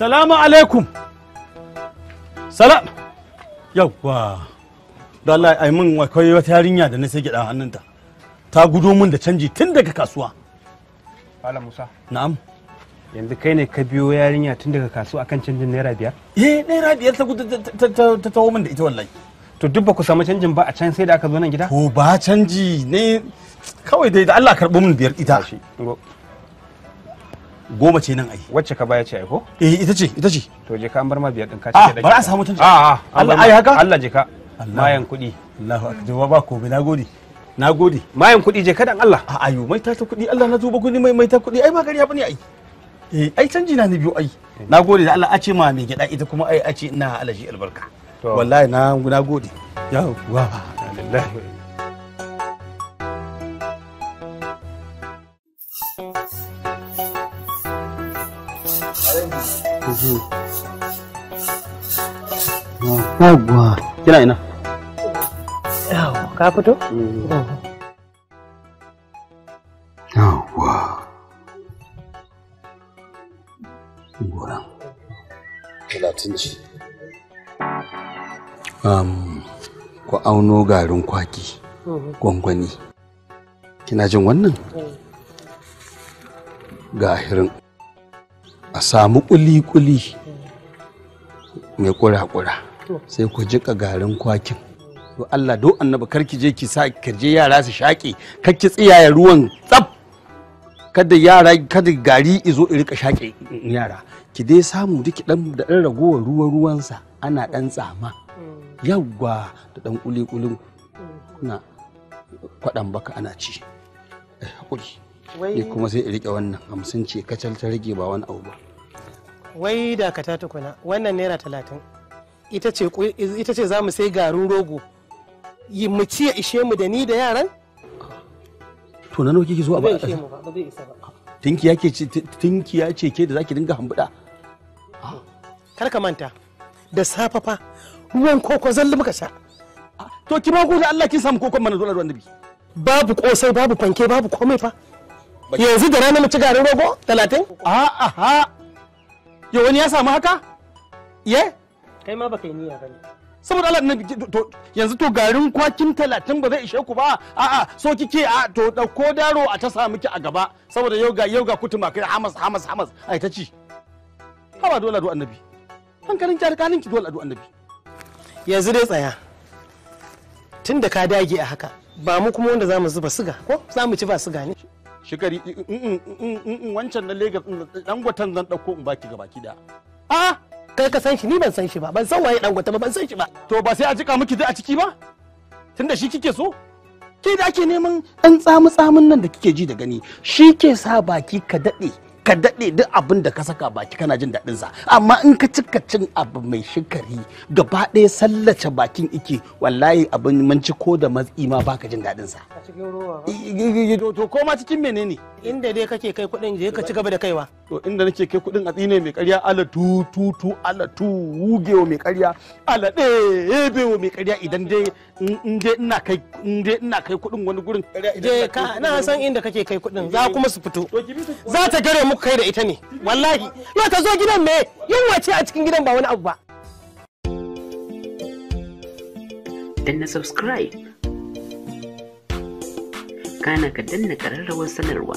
salamu alaikum salam yauwa da Allah ai min akwai wata yarinya da na sai gida hannunta ta gudo min da canji tun daga kasuwa Bala Musa na'am yanzu kai ne ka biyo yarinya tun daga kasuwa akan canjin naira biyar eh naira biyar ta gudu ta tawo min da ita wallahi to duk ba ku samu canjin ba a can sai da aka zo nan gida to ba canji ne kawai dai da Allah karɓo min biyar ita goma ce nan ai wacce ka baya ce ai ko eh ita ce ita ce to je ka an bar ma biyar din ka ah, ce da ba a samu tunta a ah, ah, Allah ai haka Allah je ka mayan kuɗi Allahu akbar ba ko na gode na gode mayan kuɗi je ka dan Allah a ayu mai ta kuɗi Allah na zuba kudi mai mai ta kudi ai ba gari ya bane ai eh ai canji na ni biyu ai eh. na gode da Allah a ce ma mai gida ita kuma ai a ce ina alaji albarka wallahi na na gode ya wa ba Yawwa. Kina ina? Yawwa, ka fito? Mm. Yawwa. Goran. Talatin ce. Um, ku auno garin kwaki, mm-hmm. gwangwani. Kina jin wannan? Mm. Ga ahirin. a samu kuli-kuli mai kura-kura sai ku jika garin kwakin to Allah do annabi karki je ki sa je yara su shaƙe ki tsiyaye ruwan tsaf kada yara kada gari izo i rika shaƙe yara ki dai samu duki dan da dan ragowar ruwan ruwansa ana dan tsama mm. yawwa da dan kuli-kulin kuna mm. kwaɗan baka ana ci eh, hakuri ni kuma sai rike wannan hamsin ce kacal ta rage ba wani abu ba wai dakata tukuna wannan naira talatin ita ce za mu sai garin rogo yi mu ci ya ishe mu da ni da yaran to na nawa kike zuwa ba zai isa ba tinkiya ce ke da zaki dinga hambuda ah. kar ka manta da safa fa ruwan koko zalli muka sha ah. to ki ba ku da Allah ki samu kokon mana dole ruwan bi. babu kosai babu fanke babu komai fa yanzu da rana mu ci garin rogo talatin aha ha ya wani ya samu haka ye kai ma baka yi niyya bane saboda Allah na yanzu to garin kwakin talatin ba zai ishe ku ba a'a so kike a to dauko daro a ta sa miki a gaba saboda yau ga yau ga kutuma kai hamas hamas hamas ai ta ci haba dole adu annabi hankalin ki hankalin ki dole adu annabi yanzu dai tsaya tun da ka dage a haka ba mu kuma wanda za mu zuba siga ko za mu ci ba siga ne shigari wancan na Lagos dan gwatan zan dauko in baki gabaki da. a kai ka san shi ni ban san shi ba ban san waye dan gwata ba ban san shi ba to ba sai a jika miki da a ciki ba tunda shi kike so ke da ake neman dan tsamu tsamun nan da kike ji da gani shi ke sa baki ka dade ka daɗe duk abin da ka saka baki kana jin daɗin sa amma in ka cika cin abu mai shikari gaba ɗaya sallace bakin ike wallahi abin ci ko da matsi ma baka jin daɗin sa a cikin ruwa to ko ma cikin menene inda dai kake kai kuɗin je ka ci gaba da kaiwa to inda nake kai kudin a tsine mai karya ala tu tu tu ala tu wugewa mai karya ala ɗebewa mai karya idan dai in dai ina kai in dai ina kai kudin wani gurin je ka na san inda kake kai kudin eh. za kuma su fito za ta gare muku kai da ita ne wallahi yau ta zo gidan me yunwa ce a cikin gidan ba wani abu ba danna subscribe kana ka danna kararrawar sanarwa